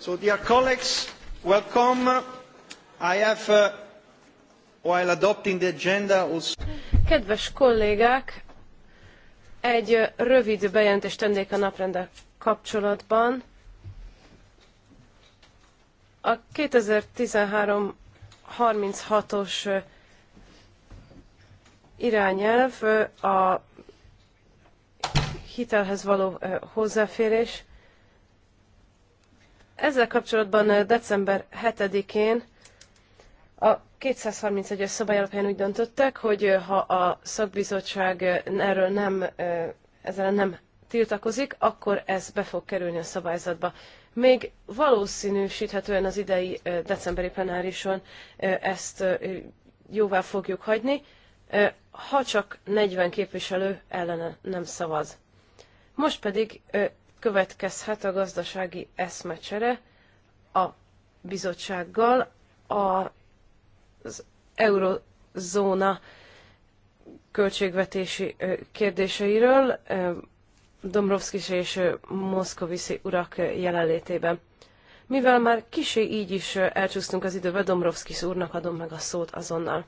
So, dear colleagues, welcome. I have, uh, while adopting the agenda, also... Kedves kollégák, egy uh, rövid bejelentést tennék a naprendel kapcsolatban. A 2013 36-os uh, irányelv uh, a hitelhez való hozzáférés ezzel kapcsolatban december 7-én a 231-es szabály alapján úgy döntöttek, hogy ha a szakbizottság erről nem, ezzel nem tiltakozik, akkor ez be fog kerülni a szabályzatba. Még valószínűsíthetően az idei decemberi plenárison ezt jóvá fogjuk hagyni, ha csak 40 képviselő ellene nem szavaz. Most pedig következhet a gazdasági eszmecsere a bizottsággal az eurozóna költségvetési kérdéseiről Dombrovskis és Moszkoviszi urak jelenlétében. Mivel már kisé így is elcsúsztunk az időbe, Dombrovskis úrnak adom meg a szót azonnal.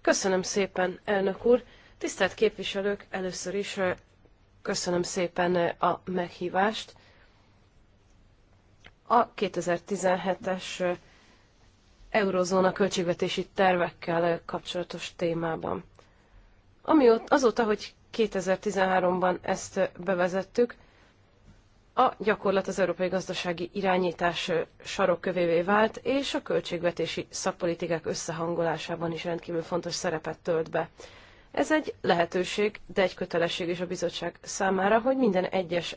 Köszönöm szépen, elnök úr! Tisztelt képviselők, először is Köszönöm szépen eh, a meghívást. A 2017-es eh, eurozóna költségvetési tervekkel eh, kapcsolatos témában. Amióta, azóta, hogy 2013-ban ezt bevezettük, a gyakorlat az európai gazdasági irányítás sarokkövévé vált, és a költségvetési szakpolitikák összehangolásában is rendkívül fontos szerepet tölt be. Ez egy lehetőség, de egy kötelesség is a bizottság számára, hogy minden egyes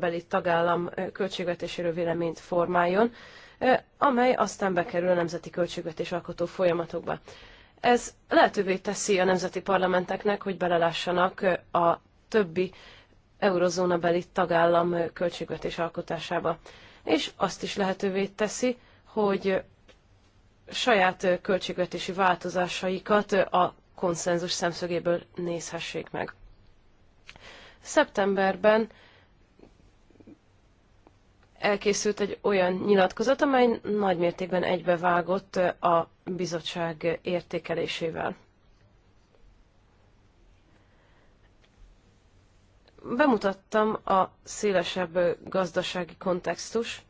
beli tagállam költségvetéséről véleményt formáljon, amely aztán bekerül a nemzeti költségvetés alkotó folyamatokba. Ez lehetővé teszi a nemzeti parlamenteknek, hogy belelássanak a többi beli tagállam költségvetés alkotásába. És azt is lehetővé teszi, hogy saját költségvetési változásaikat a konszenzus szemszögéből nézhessék meg. Szeptemberben elkészült egy olyan nyilatkozat, amely nagymértékben egybevágott a bizottság értékelésével. Bemutattam a szélesebb gazdasági kontextus,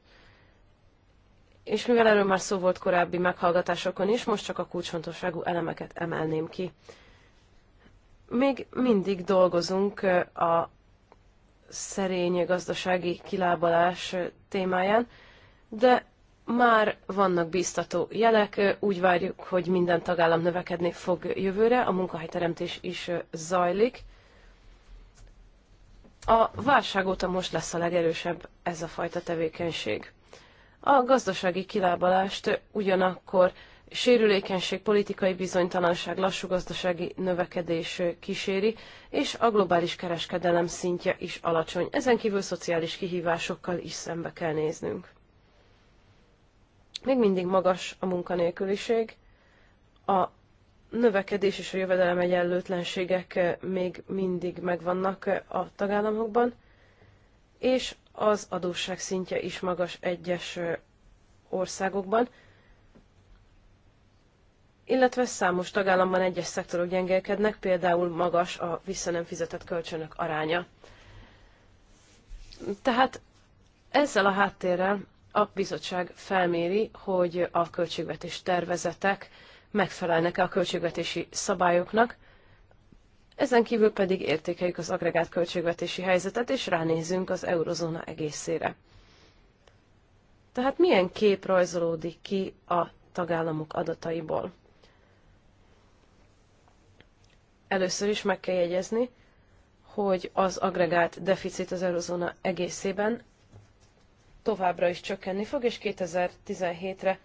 és mivel erről már szó volt korábbi meghallgatásokon is, most csak a kulcsfontosságú elemeket emelném ki. Még mindig dolgozunk a szerény gazdasági kilábalás témáján, de már vannak biztató jelek, úgy várjuk, hogy minden tagállam növekedni fog jövőre, a munkahelyteremtés is zajlik. A válság óta most lesz a legerősebb ez a fajta tevékenység. A gazdasági kilábalást ugyanakkor sérülékenység, politikai bizonytalanság, lassú gazdasági növekedés kíséri, és a globális kereskedelem szintje is alacsony. Ezen kívül szociális kihívásokkal is szembe kell néznünk. Még mindig magas a munkanélküliség, a növekedés és a jövedelem egyenlőtlenségek még mindig megvannak a tagállamokban, és az adósság szintje is magas egyes országokban, illetve számos tagállamban egyes szektorok gyengélkednek, például magas a vissza nem fizetett kölcsönök aránya. Tehát ezzel a háttérrel a bizottság felméri, hogy a költségvetés tervezetek megfelelnek-e a költségvetési szabályoknak, ezen kívül pedig értékeljük az agregát költségvetési helyzetet, és ránézünk az eurozóna egészére. Tehát milyen kép rajzolódik ki a tagállamok adataiból? Először is meg kell jegyezni, hogy az agregált deficit az eurozóna egészében továbbra is csökkenni fog, és 2017-re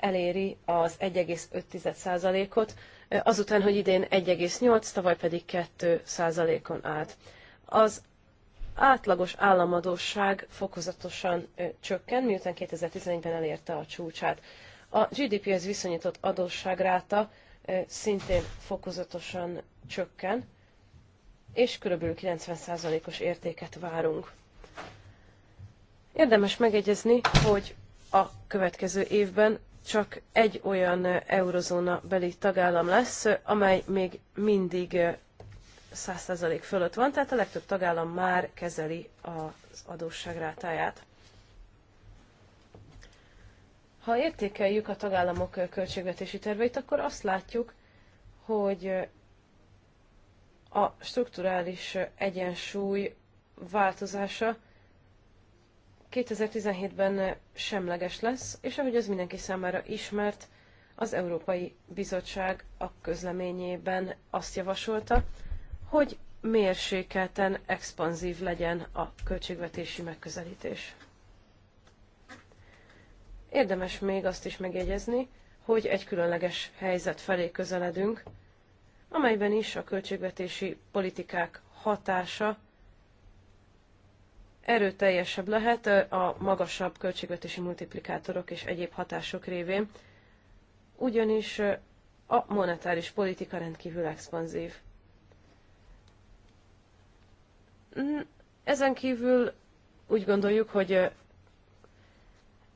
eléri az 1,5%-ot, azután, hogy idén 1,8, tavaly pedig 2%-on állt. Az átlagos államadóság fokozatosan csökken, miután 2011-ben elérte a csúcsát. A GDP-hez viszonyított adósságráta szintén fokozatosan csökken, és kb. 90%-os értéket várunk. Érdemes megegyezni, hogy a következő évben csak egy olyan eurozóna beli tagállam lesz, amely még mindig 100% fölött van, tehát a legtöbb tagállam már kezeli az adósságrátáját. Ha értékeljük a tagállamok költségvetési terveit, akkor azt látjuk, hogy a strukturális egyensúly változása 2017-ben semleges lesz, és ahogy az mindenki számára ismert, az Európai Bizottság a közleményében azt javasolta, hogy mérsékelten expanzív legyen a költségvetési megközelítés. Érdemes még azt is megjegyezni, hogy egy különleges helyzet felé közeledünk, amelyben is a költségvetési politikák hatása erőteljesebb lehet a magasabb költségvetési multiplikátorok és egyéb hatások révén, ugyanis a monetáris politika rendkívül expanzív. Ezen kívül úgy gondoljuk, hogy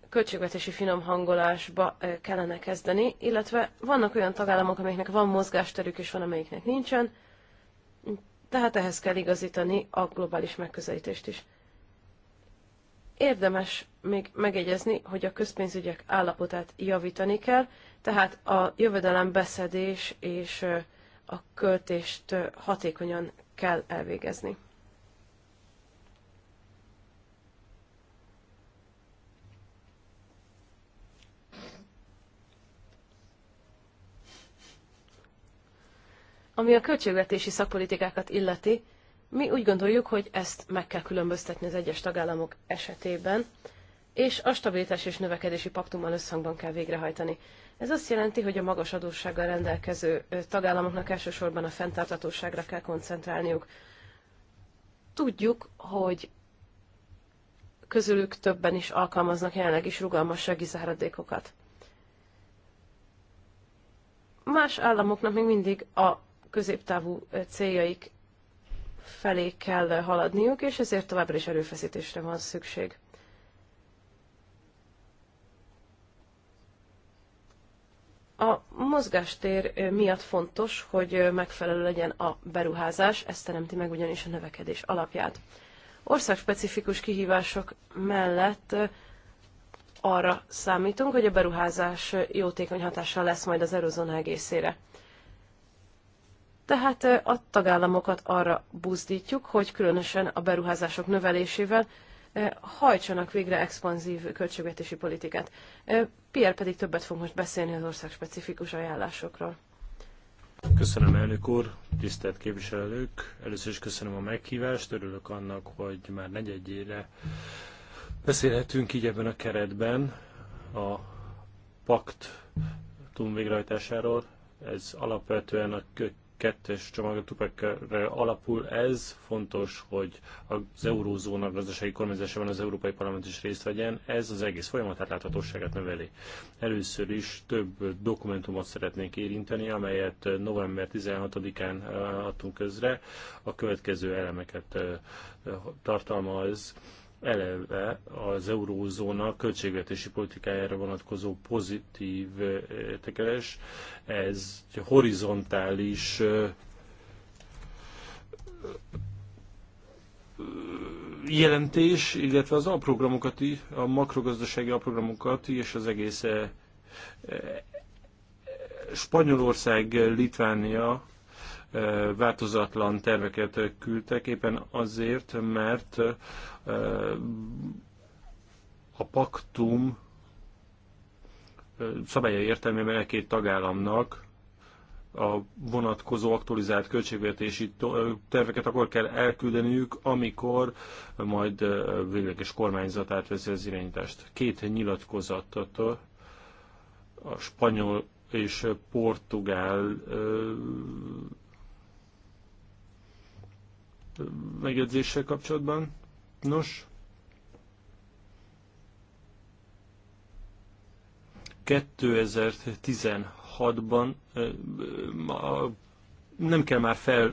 költségvetési hangolásba kellene kezdeni, illetve vannak olyan tagállamok, amelyeknek van mozgásterük, és van, amelyiknek nincsen, tehát ehhez kell igazítani a globális megközelítést is. Érdemes még megegyezni, hogy a közpénzügyek állapotát javítani kell, tehát a jövedelem beszedés és a költést hatékonyan kell elvégezni. Ami a költségvetési szakpolitikákat illeti, mi úgy gondoljuk, hogy ezt meg kell különböztetni az egyes tagállamok esetében, és a stabilitás és növekedési paktummal összhangban kell végrehajtani. Ez azt jelenti, hogy a magas adóssággal rendelkező tagállamoknak elsősorban a fenntartatóságra kell koncentrálniuk. Tudjuk, hogy közülük többen is alkalmaznak jelenleg is rugalmassági záradékokat. Más államoknak még mindig a középtávú céljaik felé kell haladniuk, és ezért továbbra is erőfeszítésre van szükség. A mozgástér miatt fontos, hogy megfelelő legyen a beruházás, ez teremti meg ugyanis a növekedés alapját. Országspecifikus kihívások mellett arra számítunk, hogy a beruházás jótékony hatással lesz majd az eurozóna egészére tehát a tagállamokat arra buzdítjuk, hogy különösen a beruházások növelésével hajtsanak végre expanzív költségvetési politikát. Pierre pedig többet fog most beszélni az ország specifikus ajánlásokról. Köszönöm, elnök úr, tisztelt képviselők! Először is köszönöm a meghívást, örülök annak, hogy már negyedjére beszélhetünk így ebben a keretben a pakt túlvégrehajtásáról. Ez alapvetően a kettes csomagra, tupekre alapul. Ez fontos, hogy az eurózóna gazdasági kormányzásában az Európai Parlament is részt vegyen. Ez az egész folyamat átláthatóságát növeli. Először is több dokumentumot szeretnék érinteni, amelyet november 16-án eh, adtunk közre. A következő elemeket eh, tartalmaz eleve az eurózóna költségvetési politikájára vonatkozó pozitív eh, tekeres, ez egy horizontális eh, eh, jelentés, illetve az alprogramokat, a makrogazdasági alprogramokat és az egész Spanyolország, Litvánia változatlan terveket küldtek, éppen azért, mert a paktum szabálya értelmében a két tagállamnak a vonatkozó aktualizált költségvetési terveket akkor kell elküldeniük, amikor majd végleges kormányzat átveszi az irányítást. Két nyilatkozatot a spanyol és portugál megjegyzéssel kapcsolatban. Nos, ban nem kell már fel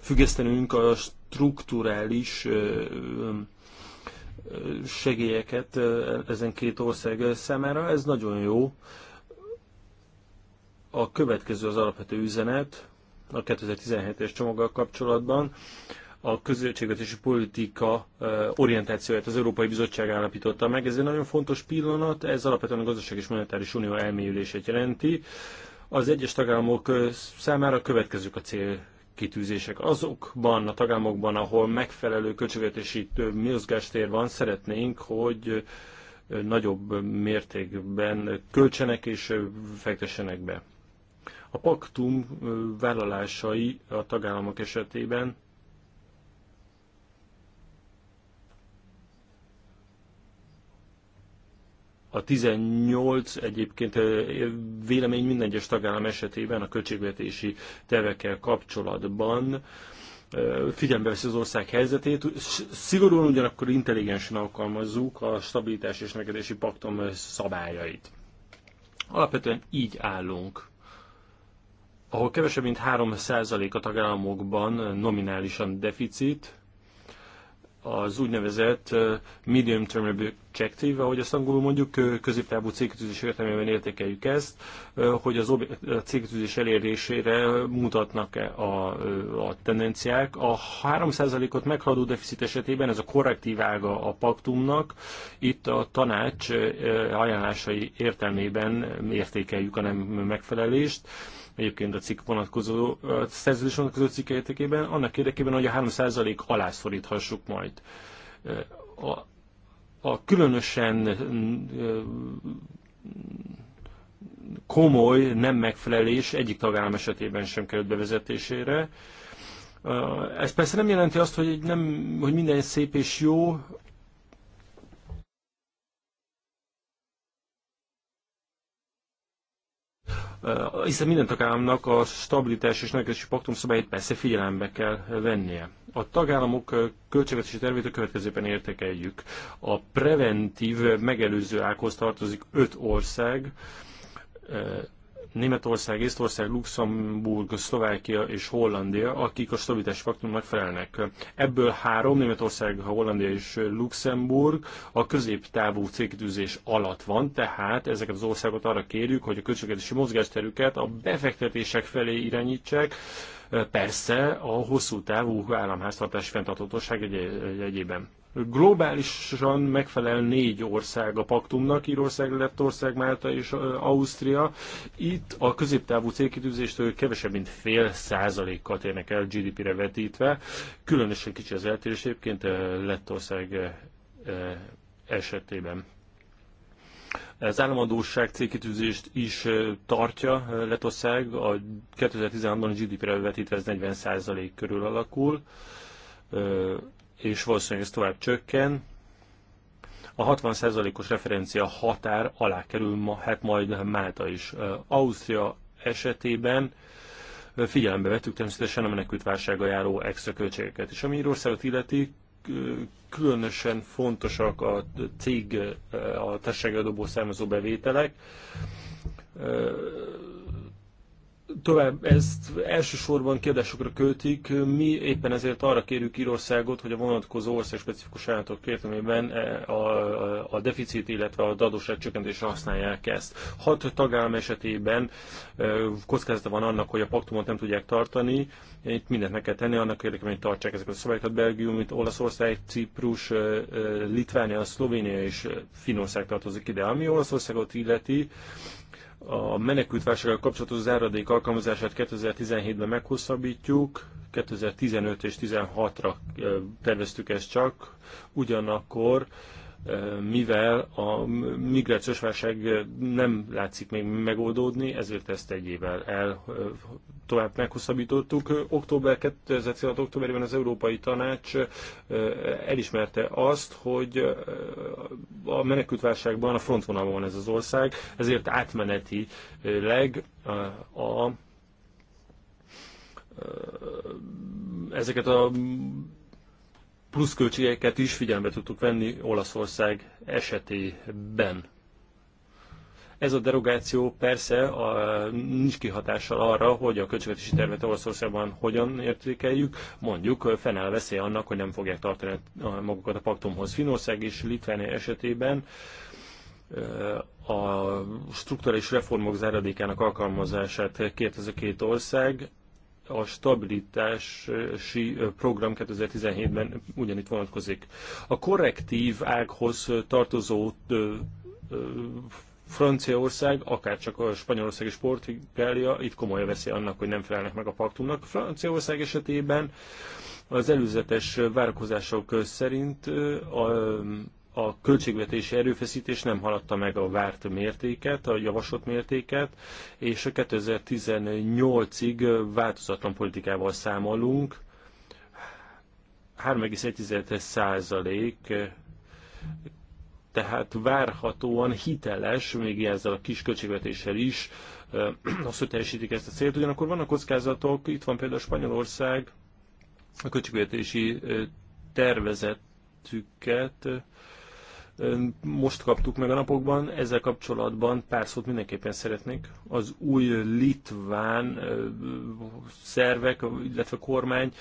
függesztenünk a strukturális segélyeket ezen két ország számára. Ez nagyon jó. A következő az alapvető üzenet a 2017-es csomaggal kapcsolatban a közösségvetési politika orientációját az Európai Bizottság állapította meg. Ez egy nagyon fontos pillanat, ez alapvetően a gazdaság és monetáris unió elmélyülését jelenti. Az egyes tagállamok számára következők a cél kitűzések. Azokban a tagállamokban, ahol megfelelő költségvetési mozgástér van, szeretnénk, hogy nagyobb mértékben költsenek és fektessenek be. A paktum vállalásai a tagállamok esetében A 18 egyébként vélemény minden egyes tagállam esetében a költségvetési tervekkel kapcsolatban figyelembe veszi az ország helyzetét. Szigorúan ugyanakkor intelligensen alkalmazzuk a stabilitás és megedési paktum szabályait. Alapvetően így állunk ahol kevesebb mint 3% a tagállamokban nominálisan deficit, az úgynevezett medium term objective, ahogy azt angolul mondjuk, középtávú cégkötőzés értelmében értékeljük ezt, hogy az a cégkötőzés elérésére mutatnak-e a, a tendenciák. A 3%-ot meghaladó deficit esetében ez a korrektív ága a paktumnak, itt a tanács ajánlásai értelmében értékeljük a nem megfelelést egyébként a cikk vonatkozó, a szerződés vonatkozó cikk értékében, annak érdekében, hogy a 3% alá szoríthassuk majd. A, a különösen komoly nem megfelelés egyik tagállam esetében sem került bevezetésére. Ez persze nem jelenti azt, hogy, nem, hogy minden szép és jó, hiszen minden tagállamnak a stabilitás és növekedési paktum szabályait persze figyelembe kell vennie. A tagállamok költségvetési tervét a következőben értékeljük. A preventív megelőző ághoz tartozik öt ország, Németország, Észtország, Luxemburg, Szlovákia és Hollandia, akik a stabilitási faktumnak felelnek. Ebből három, Németország, Hollandia és Luxemburg a középtávú cégkitűzés alatt van, tehát ezeket az országot arra kérjük, hogy a költségvetési mozgásterüket a befektetések felé irányítsák, persze a hosszú távú államháztartás fenntartóság egy- egyében. Globálisan megfelel négy ország a paktumnak, Írország, Lettország, Málta és Ausztria. Itt a középtávú célkitűzéstől kevesebb, mint fél százalékkal térnek el GDP-re vetítve. Különösen kicsi az eltérés egyébként Lettország esetében. Az államadóság célkitűzést is tartja Lettország, a 2016-ban a GDP-re vetítve ez 40% százalék körül alakul és valószínűleg ez tovább csökken. A 60%-os referencia határ alá kerül ma, hát majd Málta is. Ausztria esetében figyelembe vettük természetesen a menekült válsága járó extra költségeket. És ami Írországot illeti, különösen fontosak a cég, a társasági adóból származó bevételek tovább ezt elsősorban kérdésekre költik, mi éppen ezért arra kérjük Írországot, hogy a vonatkozó specifikus állatok értelmében e, a, a deficit, illetve a dadóság csökkentésre használják ezt. Hat tagállam esetében e, kockázata van annak, hogy a paktumot nem tudják tartani, itt mindent meg kell tenni annak érdekében, hogy tartsák ezeket a szabályokat. Belgium, mint Olaszország, Ciprus, e, Litvánia, Szlovénia és Finország tartozik ide. Ami Olaszországot illeti, a menekültválsággal kapcsolatos záradék alkalmazását 2017-ben meghosszabbítjuk, 2015 és 2016 ra terveztük ezt csak, ugyanakkor mivel a migrációs válság nem látszik még megoldódni, ezért ezt egy évvel el tovább meghosszabbítottuk. Október 2016. októberében az Európai Tanács elismerte azt, hogy a menekültválságban a frontvonalban van ez az ország, ezért átmenetileg a, a ezeket a pluszköltségeket is figyelembe tudtuk venni Olaszország esetében. Ez a derogáció persze a, nincs kihatással arra, hogy a költségvetési tervet Olaszországban hogyan értékeljük. Mondjuk fennáll a veszély annak, hogy nem fogják tartani magukat a paktumhoz. Finország és Litvánia esetében a strukturális reformok záradékának alkalmazását kért ez a két ország a stabilitási program 2017-ben ugyanitt vonatkozik. A korrektív ághoz tartozó Franciaország, akár csak a Spanyolország és Portugália itt komoly veszi annak, hogy nem felelnek meg a paktumnak. Franciaország esetében az előzetes várakozások szerint a a költségvetési erőfeszítés nem haladta meg a várt mértéket, a javasolt mértéket, és a 2018-ig változatlan politikával számolunk. 3,1 százalék, tehát várhatóan hiteles, még ezzel a kis költségvetéssel is, azt, hogy teljesítik ezt a célt. Ugyanakkor vannak kockázatok, itt van például Spanyolország, a költségvetési tervezetüket most kaptuk meg a napokban, ezzel kapcsolatban pár szót mindenképpen szeretnék. Az új litván szervek, illetve kormány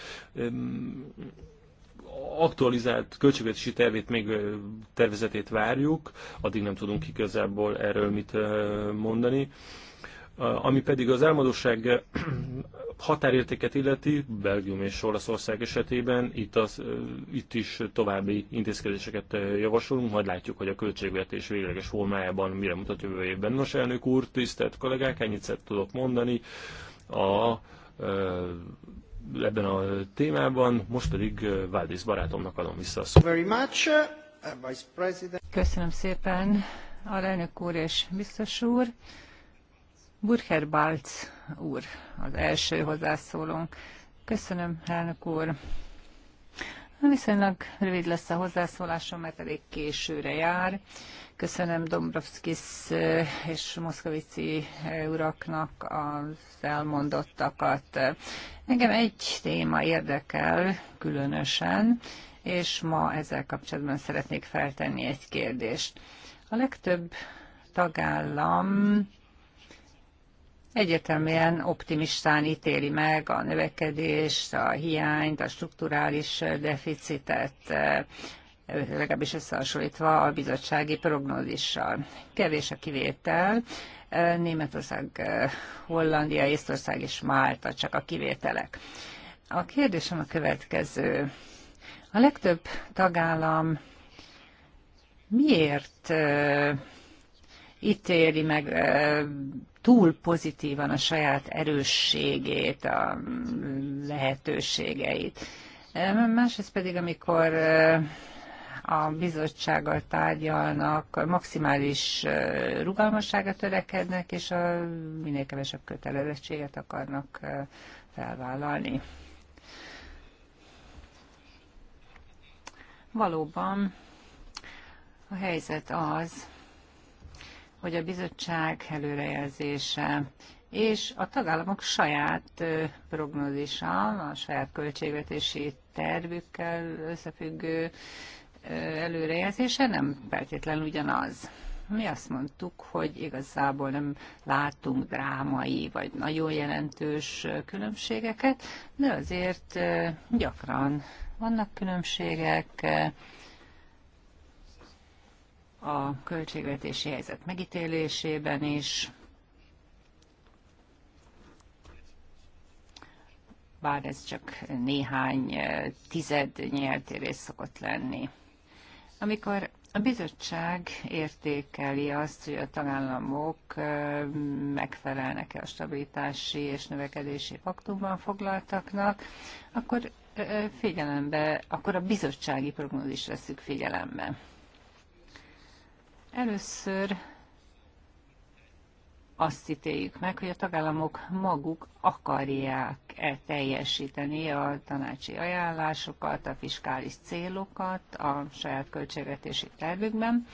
aktualizált költségvetési tervét, még tervezetét várjuk, addig nem tudunk igazából erről mit mondani. Ami pedig az elmadóság határértéket illeti, Belgium és Olaszország esetében itt, az, itt is további intézkedéseket javasolunk, majd látjuk, hogy a költségvetés végleges formájában mire mutat jövő évben. Nos, elnök úr, tisztelt kollégák, ennyit tudok mondani a, ebben a témában, most pedig Váldész barátomnak adom vissza a szót. Uh, Köszönöm szépen, alelnök úr és biztos úr. Burger Balc úr, az első hozzászólónk. Köszönöm, elnök úr. Viszonylag rövid lesz a hozzászólásom, mert elég későre jár. Köszönöm Dombrovskis eh, és Moszkovici eh, uraknak az elmondottakat. Engem egy téma érdekel különösen, és ma ezzel kapcsolatban szeretnék feltenni egy kérdést. A legtöbb tagállam egyértelműen optimistán ítéli meg a növekedést, a hiányt, a strukturális deficitet, legalábbis összehasonlítva a bizottsági prognózissal. Kevés a kivétel, Németország, Hollandia, Észtország és Málta csak a kivételek. A kérdésem a következő. A legtöbb tagállam miért ítéli meg túl pozitívan a saját erősségét, a lehetőségeit. Másrészt pedig, amikor a bizottsággal tárgyalnak, maximális rugalmasságra törekednek, és a minél kevesebb kötelezettséget akarnak felvállalni. Valóban a helyzet az, hogy a bizottság előrejelzése és a tagállamok saját prognózisa, a saját költségvetési tervükkel összefüggő előrejelzése nem feltétlenül ugyanaz. Mi azt mondtuk, hogy igazából nem látunk drámai vagy nagyon jelentős különbségeket, de azért gyakran vannak különbségek, a költségvetési helyzet megítélésében is, bár ez csak néhány eh, tized nyeltérés szokott lenni. Amikor a bizottság értékeli azt, hogy a tagállamok eh, megfelelnek-e a stabilitási és növekedési paktumban foglaltaknak, akkor eh, figyelembe, akkor a bizottsági prognózis veszük figyelembe. Először azt ítéljük meg, hogy a tagállamok maguk akarják-e teljesíteni a tanácsi ajánlásokat, a fiskális célokat a saját költségvetési tervükben,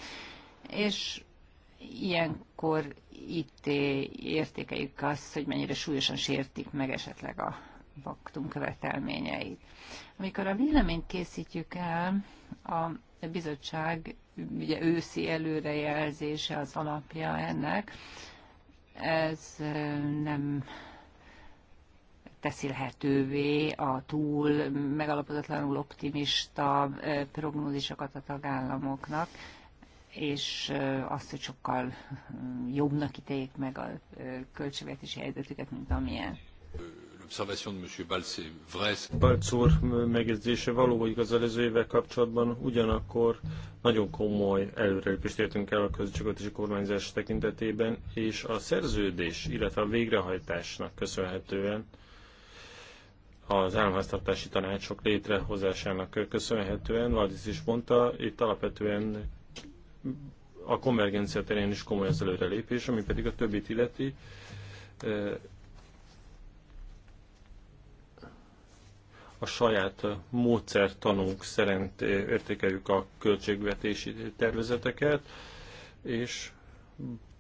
és ilyenkor itt értékeljük azt, hogy mennyire súlyosan sértik meg esetleg a paktum követelményeit. Amikor a véleményt készítjük el, a bizottság ugye őszi előrejelzése az alapja ennek. Ez nem teszi lehetővé a túl megalapozatlanul optimista prognózisokat a tagállamoknak, és azt, hogy sokkal jobbnak ítéljék meg a költségvetési helyzetüket, mint amilyen balz úr megjegyzése való, hogy az előző évvel kapcsolatban ugyanakkor nagyon komoly előrelépést értünk el a közösségvetési kormányzás tekintetében, és a szerződés, illetve a végrehajtásnak köszönhetően az államháztartási tanácsok létrehozásának köszönhetően, Valdis is mondta, itt alapvetően a konvergencia terén is komoly az előrelépés, ami pedig a többit illeti a saját módszertanunk szerint értékeljük a költségvetési tervezeteket, és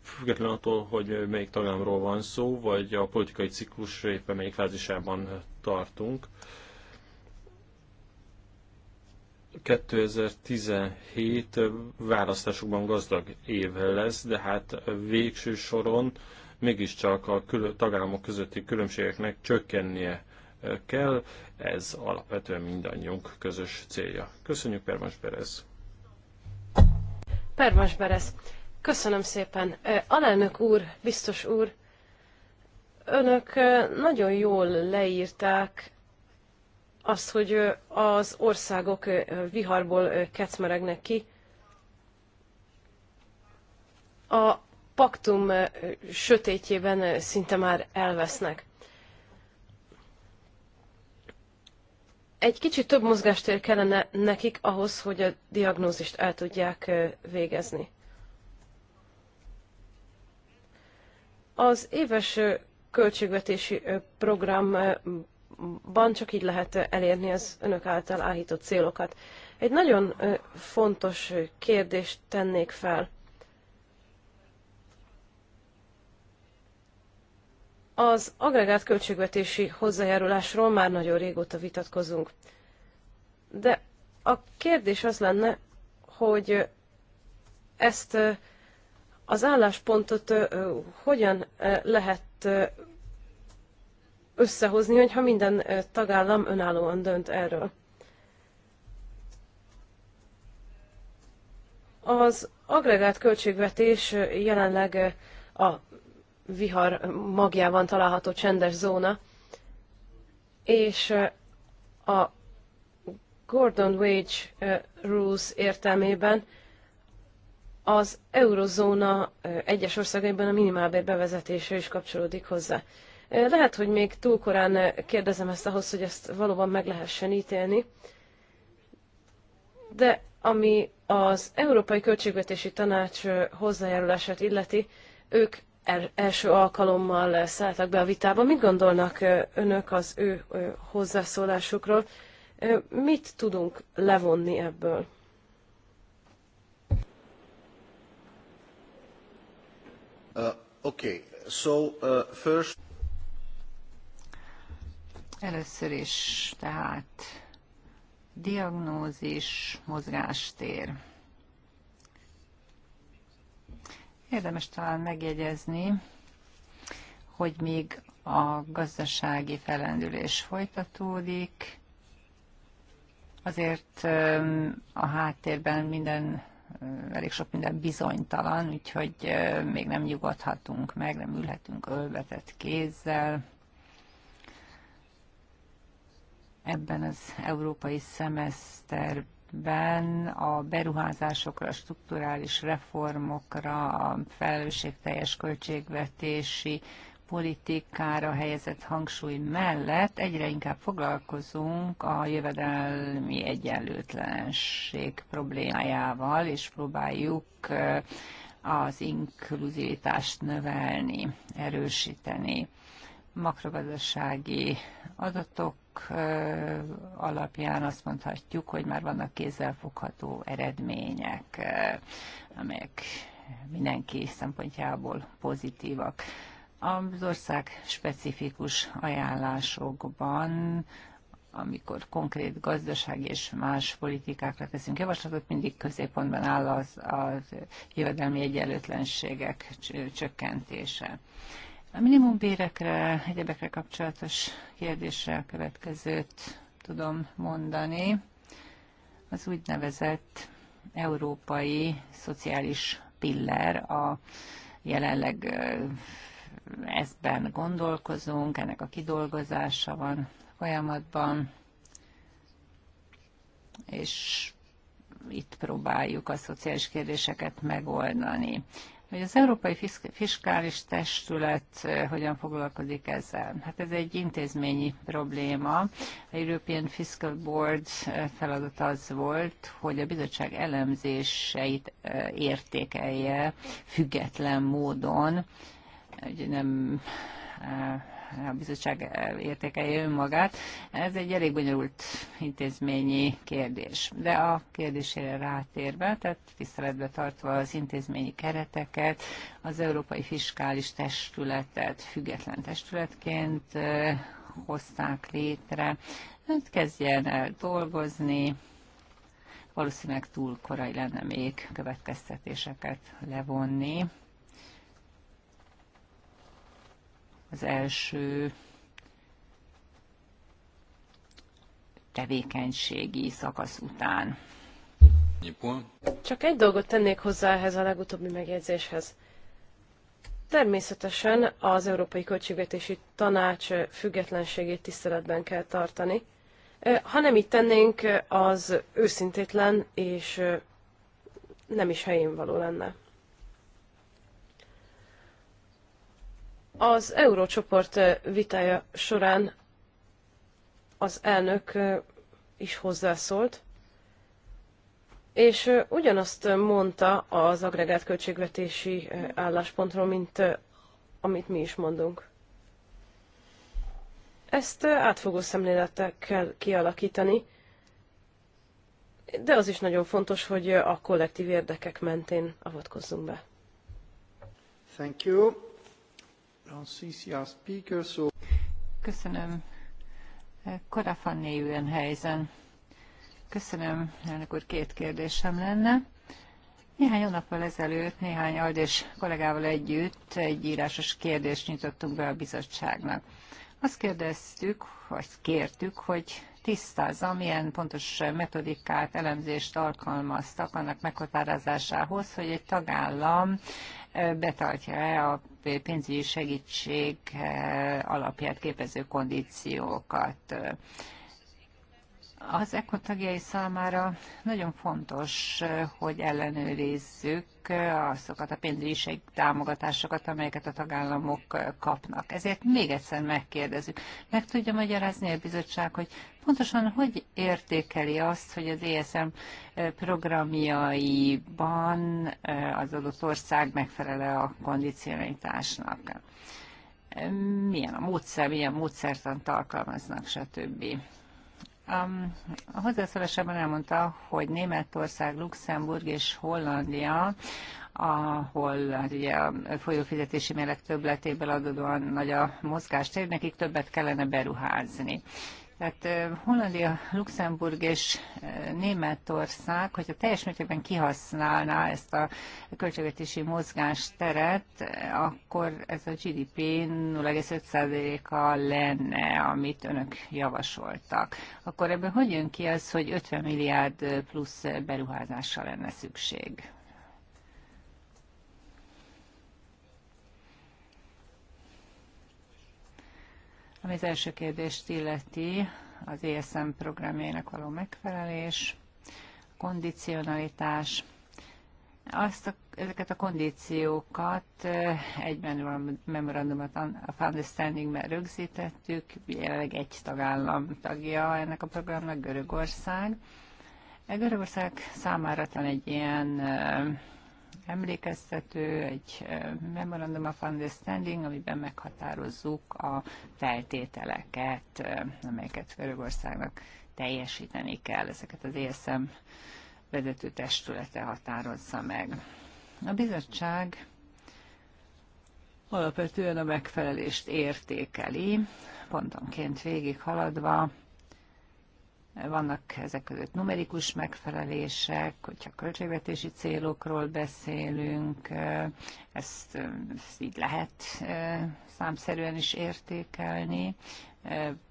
függetlenül attól, hogy melyik tagállamról van szó, vagy a politikai ciklus éppen melyik fázisában tartunk. 2017 választásokban gazdag év lesz, de hát végső soron mégiscsak a tagállamok közötti különbségeknek csökkennie kell. Ez alapvetően mindannyiunk közös célja. Köszönjük, Permas Berez! Permas Berez, köszönöm szépen. Alelnök úr, biztos úr, önök nagyon jól leírták azt, hogy az országok viharból kecmeregnek ki. A paktum sötétjében szinte már elvesznek. egy kicsit több mozgástér kellene nekik ahhoz, hogy a diagnózist el tudják végezni. Az éves költségvetési programban csak így lehet elérni az önök által áhított célokat. Egy nagyon fontos kérdést tennék fel. Az agregát költségvetési hozzájárulásról már nagyon régóta vitatkozunk. De a kérdés az lenne, hogy ezt az álláspontot hogyan lehet összehozni, hogyha minden tagállam önállóan dönt erről. Az agregált költségvetés jelenleg a vihar magjában található csendes zóna, és a Gordon Wage Rules értelmében az eurozóna egyes országaiban a minimálbér bevezetése is kapcsolódik hozzá. Lehet, hogy még túl korán kérdezem ezt ahhoz, hogy ezt valóban meg lehessen ítélni, de ami az Európai Költségvetési Tanács hozzájárulását illeti, ők első alkalommal szálltak be a vitába. Mit gondolnak önök az ő hozzászólásukról? Mit tudunk levonni ebből? Uh, okay. so, uh, first... Először is, tehát diagnózis, mozgástér. Érdemes talán megjegyezni, hogy még a gazdasági felendülés folytatódik, azért a háttérben minden, elég sok minden bizonytalan, úgyhogy még nem nyugodhatunk meg, nem ülhetünk ölvetett kézzel. Ebben az európai szemeszterben évben a beruházásokra, a strukturális reformokra, a felelősségteljes költségvetési politikára helyezett hangsúly mellett egyre inkább foglalkozunk a jövedelmi egyenlőtlenség problémájával, és próbáljuk az inkluzivitást növelni, erősíteni makrogazdasági adatok adatok alapján azt mondhatjuk, hogy már vannak kézzelfogható eredmények, amelyek mindenki szempontjából pozitívak. Az ország specifikus ajánlásokban amikor konkrét gazdaság és más politikákra teszünk javaslatot, mindig középpontban áll az, az jövedelmi egyenlőtlenségek csökkentése. A minimumbérekre, egyebekre kapcsolatos kérdésre a következőt tudom mondani. Az úgynevezett európai szociális pillér a jelenleg ezben gondolkozunk, ennek a kidolgozása van folyamatban, és itt próbáljuk a szociális kérdéseket megoldani hogy az Európai Fiskális Testület eh, hogyan foglalkozik ezzel. Hát ez egy intézményi probléma. A European Fiscal Board eh, feladata az volt, hogy a bizottság elemzéseit eh, értékelje független módon, hogy nem a bizottság értékelje önmagát. Ez egy elég bonyolult intézményi kérdés. De a kérdésére rátérve, tehát tiszteletbe tartva az intézményi kereteket, az Európai Fiskális Testületet független testületként hozták létre, hát kezdjen el dolgozni, valószínűleg túl korai lenne még következtetéseket levonni az első tevékenységi szakasz után. Csak egy dolgot tennék hozzá ehhez a legutóbbi megjegyzéshez. Természetesen az Európai Költségvetési Tanács függetlenségét tiszteletben kell tartani. Ha nem így tennénk, az őszintétlen és nem is helyén való lenne. Az eurócsoport vitája során az elnök is hozzászólt, és ugyanazt mondta az agregált költségvetési álláspontról, mint amit mi is mondunk. Ezt átfogó szemlélettel kell kialakítani, de az is nagyon fontos, hogy a kollektív érdekek mentén avatkozzunk be. Thank you. Köszönöm. Korafanné jön helyzen. Köszönöm, elnök úr, két kérdésem lenne. Néhány hónappal ezelőtt néhány aldés kollégával együtt egy írásos kérdést nyitottunk be a bizottságnak. Azt kérdeztük, vagy kértük, hogy tisztázza, milyen pontos metodikát, elemzést alkalmaztak annak meghatározásához, hogy egy tagállam betartja-e a pénzügyi segítség eh, alapját képező kondíciókat. Az ECO tagjai számára nagyon fontos, hogy ellenőrizzük azokat a pénzügyi támogatásokat, amelyeket a tagállamok kapnak. Ezért még egyszer megkérdezzük. Meg tudja magyarázni a bizottság, hogy pontosan hogy értékeli azt, hogy az ESM programjaiban az adott ország megfelele a kondicionalitásnak? Milyen a módszer, milyen módszertant alkalmaznak, stb. Um, a hozzászólásában elmondta, hogy Németország, Luxemburg és Hollandia ahol hát ugye a folyófizetési mérleg többletéből adódóan nagy a mozgástér, nekik többet kellene beruházni. Tehát Hollandia, Luxemburg és Németország, hogyha teljes mértékben kihasználná ezt a költségvetési mozgásteret, akkor ez a GDP 0,5%-a lenne, amit önök javasoltak. Akkor ebből hogy jön ki az, hogy 50 milliárd plusz beruházásra lenne szükség? Ami az első kérdést illeti, az ESM programjainak való megfelelés, kondicionalitás, azt a, ezeket a kondíciókat eh, egyben a memorandumot a understandingben rögzítettük, jelenleg egy tagállam tagja ennek a programnak, Görögország. Eh, Görögország számára van egy ilyen eh, emlékeztető, egy Memorandum of Understanding, amiben meghatározzuk a feltételeket, amelyeket Görögországnak teljesíteni kell. Ezeket az ESM vezető testülete határozza meg. A bizottság alapvetően a megfelelést értékeli, pontonként végighaladva vannak ezek között numerikus megfelelések, hogyha költségvetési célokról beszélünk, ezt, ezt így lehet számszerűen is értékelni,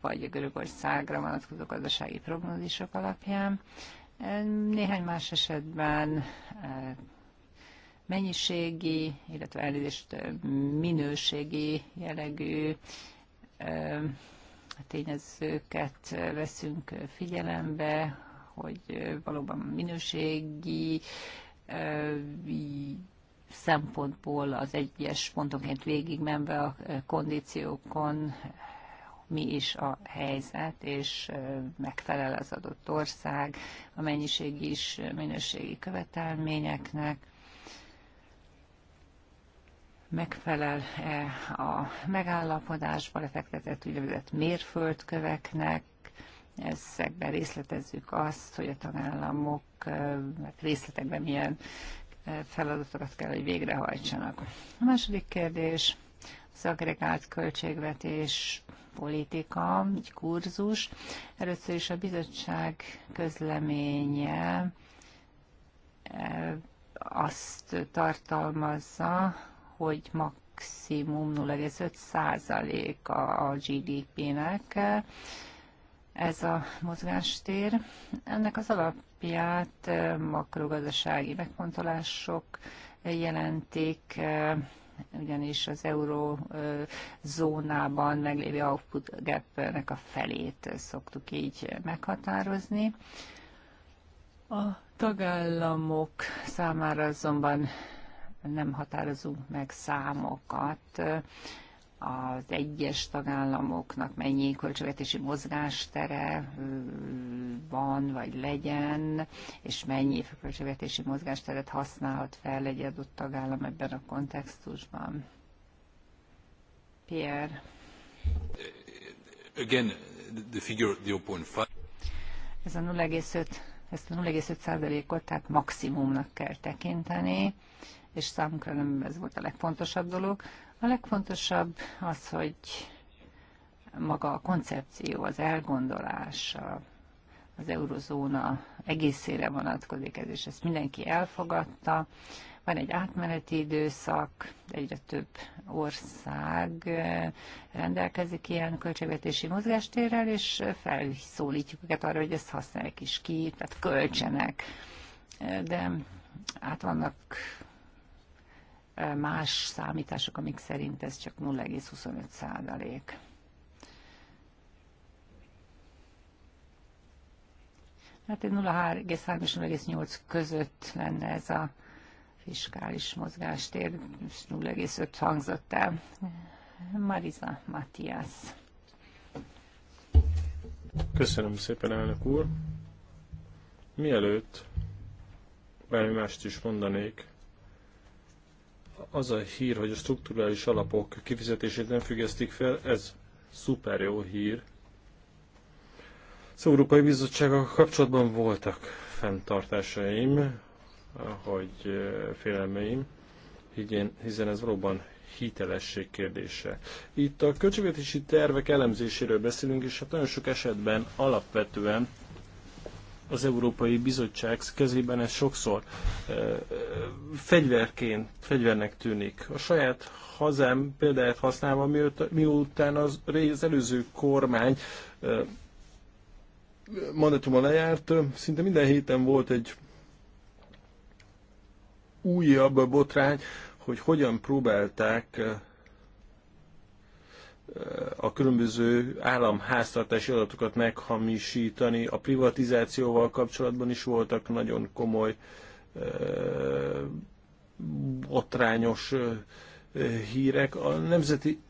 vagy a Görögországra vonatkozó gazdasági prognózisok alapján. Néhány más esetben mennyiségi, illetve elnézést minőségi jellegű tényezőket veszünk figyelembe, hogy valóban minőségi szempontból az egyes pontonként végigmenve a kondíciókon mi is a helyzet, és megfelel az adott ország a mennyiség is minőségi követelményeknek megfelel-e a megállapodásba lefektetett úgynevezett mérföldköveknek, ezekben részletezzük azt, hogy a tagállamok eh, részletekben milyen eh, feladatokat kell, hogy végrehajtsanak. A második kérdés, az agregált költségvetés politika, egy kurzus. Először is a bizottság közleménye eh, azt tartalmazza, hogy maximum 0,5 a, a GDP-nek ez a mozgástér. Ennek az alapját makrogazdasági megfontolások jelentik, ugyanis az eurózónában meglévő output gap-nek a felét szoktuk így meghatározni. A tagállamok számára azonban nem határozunk meg számokat, az egyes tagállamoknak mennyi költségvetési mozgástere van, vagy legyen, és mennyi költségvetési mozgásteret használhat fel egy adott tagállam ebben a kontextusban. Pierre. Again, the figure 0.5. Ez a 0,5 ezt a 0,5%-ot tehát maximumnak kell tekinteni, és számunkra nem ez volt a legfontosabb dolog. A legfontosabb az, hogy maga a koncepció, az elgondolás, a, az eurozóna egészére vonatkozik ez, és ezt mindenki elfogadta, van egy átmeneti időszak, egyre több ország rendelkezik ilyen költségvetési mozgástérrel, és felszólítjuk őket arra, hogy ezt használják is ki, tehát költsenek. De hát vannak más számítások, amik szerint ez csak 0,25 százalék. Hát egy 0,3 és 0,8 között lenne ez a fiskális mozgástér 0,5 hangzott el. Mariza Matias. Köszönöm szépen, elnök úr. Mielőtt bármi mást is mondanék, az a hír, hogy a strukturális alapok kifizetését nem függesztik fel, ez szuper jó hír. Az Európai Bizottsággal kapcsolatban voltak fenntartásaim, hogy félelmeim, hiszen ez valóban hitelesség kérdése. Itt a költségvetési tervek elemzéséről beszélünk, és hát nagyon sok esetben alapvetően az Európai Bizottság kezében ez sokszor fegyverként, fegyvernek tűnik. A saját hazám példáját használva, miután az, az előző kormány mandatuma lejárt, szinte minden héten volt egy újabb botrány, hogy hogyan próbálták eh, eh, a különböző államháztartási adatokat meghamisítani. A privatizációval kapcsolatban is voltak nagyon komoly eh, botrányos hírek. A nemzeti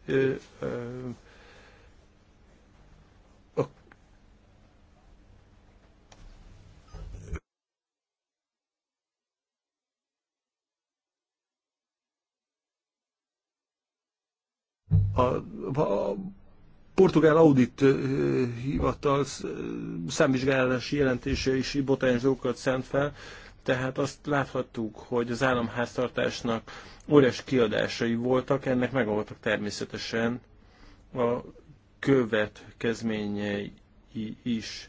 A, a portugál audit hivatal számvizsgálási jelentése is botáns dolgokat szent fel, tehát azt láthattuk, hogy az államháztartásnak óriás kiadásai voltak, ennek megvoltak természetesen a következményei is.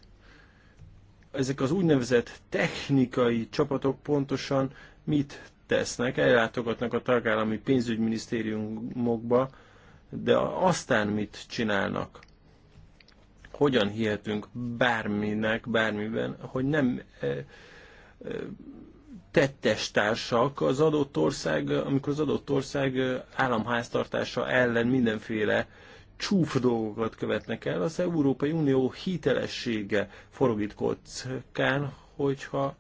Ezek az úgynevezett technikai csapatok pontosan mit tesznek? Ellátogatnak a tagállami pénzügyminisztériumokba, de aztán mit csinálnak? Hogyan hihetünk bárminek, bármiben, hogy nem e, e, tettestársak az adott ország, amikor az adott ország eh, államháztartása ellen mindenféle csúf dolgokat követnek el, az Európai Unió hitelessége forog itt kockán, hogyha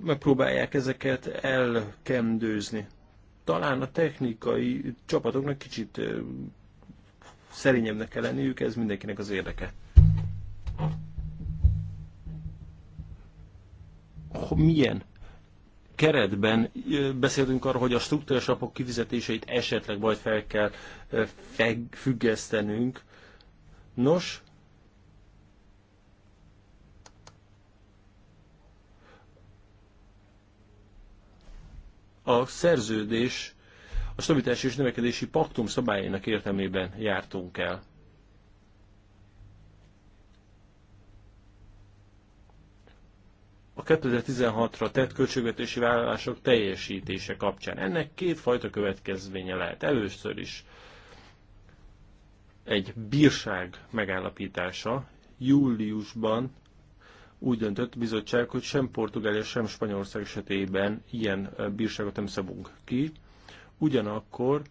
megpróbálják ezeket elkendőzni talán a technikai csapatoknak kicsit szerényebbnek kell lenniük, ez mindenkinek az érdeke. Milyen keretben beszéltünk arról, hogy a struktúrás alapok kifizetéseit esetleg majd fel kell függesztenünk. Nos, a szerződés, a stabilitási és növekedési paktum szabályainak értelmében jártunk el. a 2016-ra tett költségvetési vállalások teljesítése kapcsán. Ennek kétfajta következménye lehet. Először is egy bírság megállapítása. Júliusban úgy döntött a bizottság, hogy sem Portugália, sem Spanyolország esetében ilyen bírságot nem szabunk ki. Ugyanakkor